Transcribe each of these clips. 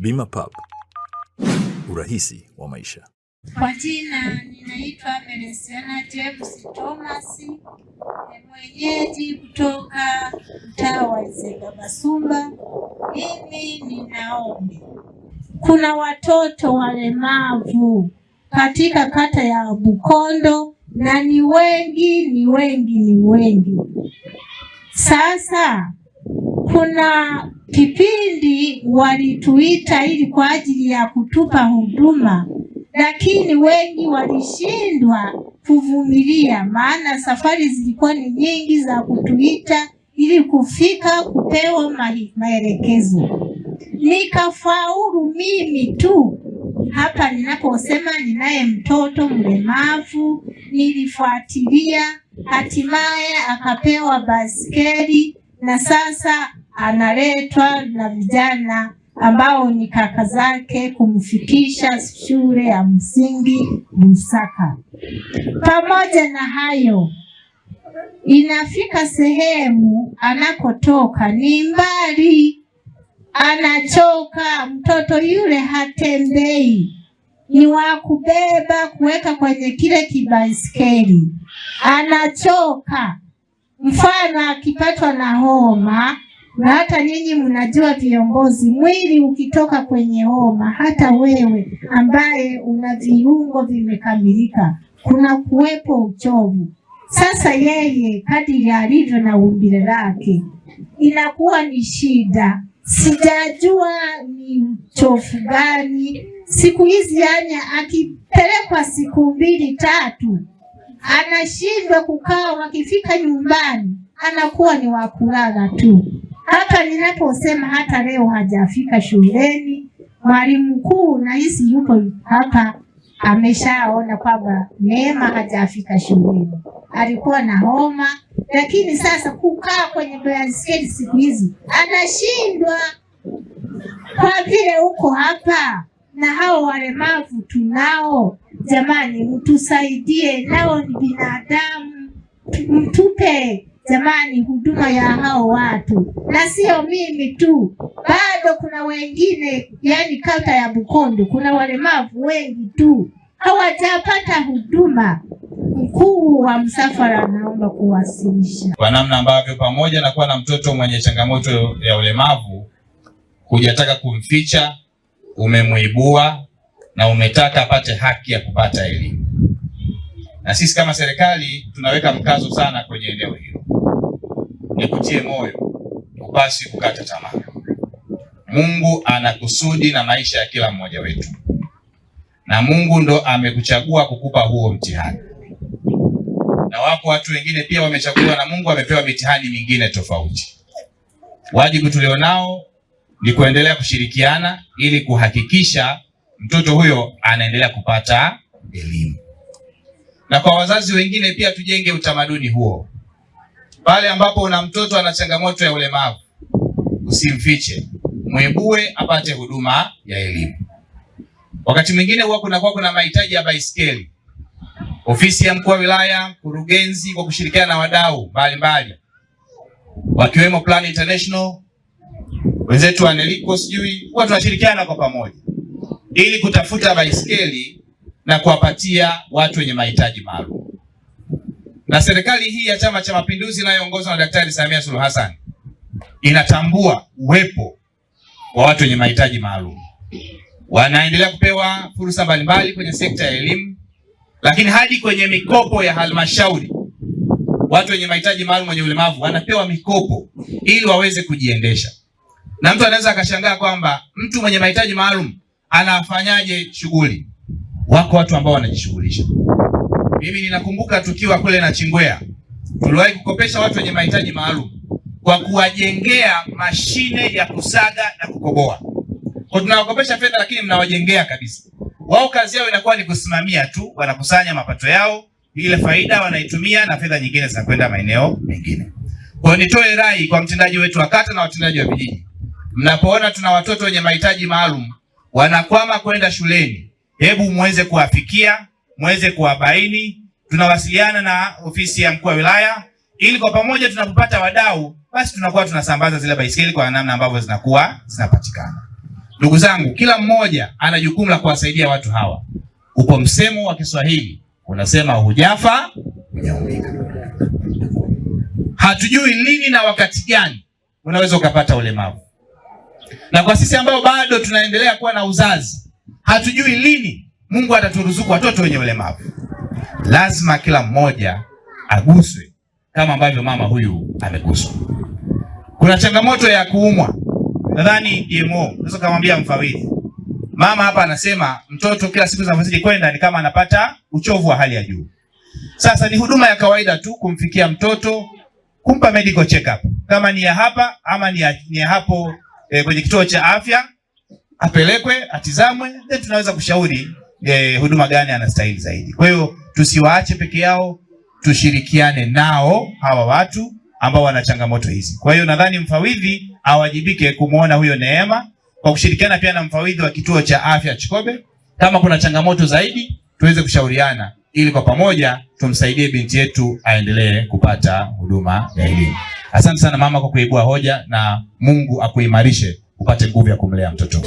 Bima Pub, urahisi wa maisha. Kwa jina ninaitwa Melesiana James Thomas, mwenyeji kutoka mtaa wa Izenga Masumba. Mimi ninaombi, kuna watoto walemavu katika kata ya Bukondo na ni wengi, ni wengi, ni wengi. Sasa kuna Kipindi walituita ili kwa ajili ya kutupa huduma, lakini wengi walishindwa kuvumilia, maana safari zilikuwa ni nyingi za kutuita ili kufika kupewa maelekezo. Nikafaulu mimi tu hapa ninaposema, ninaye mtoto mlemavu, nilifuatilia, hatimaye akapewa baskeli na sasa analetwa na vijana ambao ni kaka zake kumfikisha shule ya msingi Busaka. Pamoja na hayo, inafika sehemu anakotoka ni mbali, anachoka. Mtoto yule hatembei, ni wa kubeba kuweka kwenye kile kibaiskeli, anachoka. Mfano akipatwa na homa na hata nyinyi mnajua viongozi, mwili ukitoka kwenye homa, hata wewe ambaye una viungo vimekamilika, kuna kuwepo uchovu. Sasa yeye kadiri alivyo na umbile lake inakuwa ni shida. Sijajua ni uchovu gani siku hizi, yani akipelekwa siku mbili tatu anashindwa kukaa, wakifika nyumbani anakuwa ni wakulala tu. Hata ninaposema hata leo hajafika shuleni, mwalimu mkuu nahisi yupo hapa, ameshaona kwamba Neema hajafika shuleni. Alikuwa na homa, lakini sasa kukaa kwenye baiskeli siku hizi anashindwa kwa vile uko hapa na hao walemavu tunao. Jamani, mtusaidie, nao ni binadamu, mtupe Jamani, huduma ya hao watu, na sio mimi tu, bado kuna wengine, yani kata ya Bukondo kuna walemavu wengi tu hawajapata huduma. Mkuu wa msafara anaomba kuwasilisha kwa namna ambavyo, pamoja na kuwa na mtoto mwenye changamoto ya ulemavu, hujataka kumficha, umemwibua na umetaka apate haki ya kupata elimu, na sisi kama serikali tunaweka mkazo sana kwenye eneo hili nikutie moyo, upasi kukata tamaa. Mungu ana kusudi na maisha ya kila mmoja wetu, na Mungu ndo amekuchagua kukupa huo mtihani, na wako watu wengine pia wamechaguliwa na Mungu, amepewa mitihani mingine tofauti. Wajibu tulionao ni kuendelea kushirikiana ili kuhakikisha mtoto huyo anaendelea kupata elimu, na kwa wazazi wengine pia tujenge utamaduni huo pale ambapo una mtoto ana changamoto ya ulemavu, usimfiche, mwibue apate huduma ya elimu. Wakati mwingine huwa kunakuwa kuna mahitaji ya baiskeli Ofisi ya mkuu wa wilaya, mkurugenzi, kwa kushirikiana na wadau mbalimbali wakiwemo Plan International wenzetu wa Neliko, sijui huwa tunashirikiana kwa pamoja ili kutafuta baiskeli na kuwapatia watu wenye mahitaji maalum na serikali hii ya Chama cha Mapinduzi inayoongozwa na Daktari Samia Suluhu Hassan inatambua uwepo wa watu wenye mahitaji maalum, wanaendelea kupewa fursa mbalimbali kwenye sekta ya elimu, lakini hadi kwenye mikopo ya halmashauri. Watu wenye mahitaji maalum wenye ulemavu wanapewa mikopo ili waweze kujiendesha, na mtu anaweza akashangaa kwamba mtu mwenye mahitaji maalum anafanyaje shughuli. Wako watu ambao wanajishughulisha mimi ninakumbuka tukiwa kule na Chingwea tuliwahi kukopesha watu wenye mahitaji maalum kwa kuwajengea mashine ya kusaga na kukoboa. Kwa tunawakopesha fedha, lakini mnawajengea kabisa. Wao kazi yao inakuwa ni kusimamia tu, wanakusanya mapato yao, ile faida wanaitumia na fedha nyingine zinakwenda maeneo mengine. Kwa nitoe rai kwa mtendaji wetu wa kata na watendaji wa vijiji, mnapoona tuna watoto wenye mahitaji maalum wanakwama kwenda shuleni, hebu muweze kuwafikia mweze kuwabaini. Tunawasiliana na ofisi ya mkuu wa wilaya ili kwa pamoja tunapopata wadau basi tunakuwa tunasambaza zile baisikeli kwa namna ambavyo zinakuwa zinapatikana. Ndugu zangu, kila mmoja ana jukumu la kuwasaidia watu hawa. Upo msemo wa Kiswahili unasema hujafa hujaumika. Hatujui lini na wakati gani unaweza ukapata ulemavu, na kwa sisi ambao bado tunaendelea kuwa na uzazi, hatujui lini Mungu ataturuzuku watoto wenye ulemavu. Lazima kila mmoja aguswe kama ambavyo mama huyu ameguswa. Kuna changamoto ya kuumwa, nadhani DMO e unaweza kumwambia mfawidhi. Mama hapa anasema mtoto kila siku zinavyozidi kwenda ni kama anapata uchovu wa hali ya juu. Sasa ni huduma ya kawaida tu kumfikia mtoto, kumpa medical check up, kama ni ya hapa ama ni ya, ni ya hapo e, kwenye kituo cha afya apelekwe atizamwe, then tunaweza kushauri eh, huduma gani anastahili zaidi. Kwa hiyo tusiwaache peke yao, tushirikiane nao hawa watu ambao wana changamoto hizi. Kwa hiyo nadhani mfawidhi awajibike kumwona huyo Neema kwa kushirikiana pia na mfawidhi wa kituo cha afya Chikobe, kama kuna changamoto zaidi tuweze kushauriana ili kwa pamoja tumsaidie binti yetu aendelee kupata huduma ya elimu. Asante sana mama kwa kuibua hoja, na Mungu akuimarishe upate nguvu ya kumlea mtoto.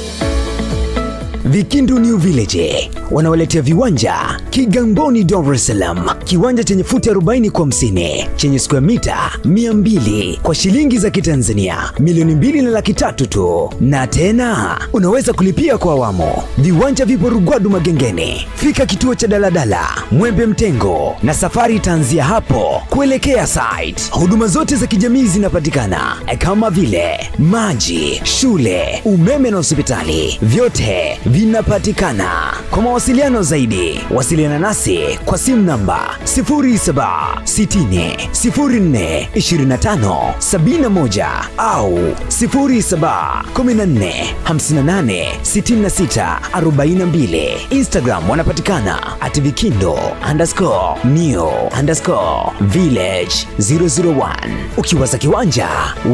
Vikindu New Village wanawaletea viwanja Kigamboni, Dar es Salaam, kiwanja chenye futi 40 kwa 50 chenye square mita 200 kwa shilingi za Kitanzania milioni mbili na laki tatu tu, na tena unaweza kulipia kwa awamu. Viwanja vipo Rugwadu Magengeni, fika kituo cha daladala Mwembe Mtengo na safari itaanzia hapo kuelekea site. Huduma zote za kijamii zinapatikana kama vile maji, shule, umeme na hospitali, vyote vinapatikana. Kwa mawasiliano zaidi wasili kuwasiliana nasi kwa simu namba 0760042571 au 0714586642. Instagram wanapatikana at vikindo underscore new underscore village 001. Ukiwaza kiwanja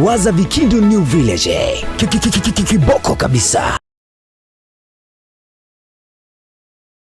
waza Vikindo New Village, kiboko kabisa.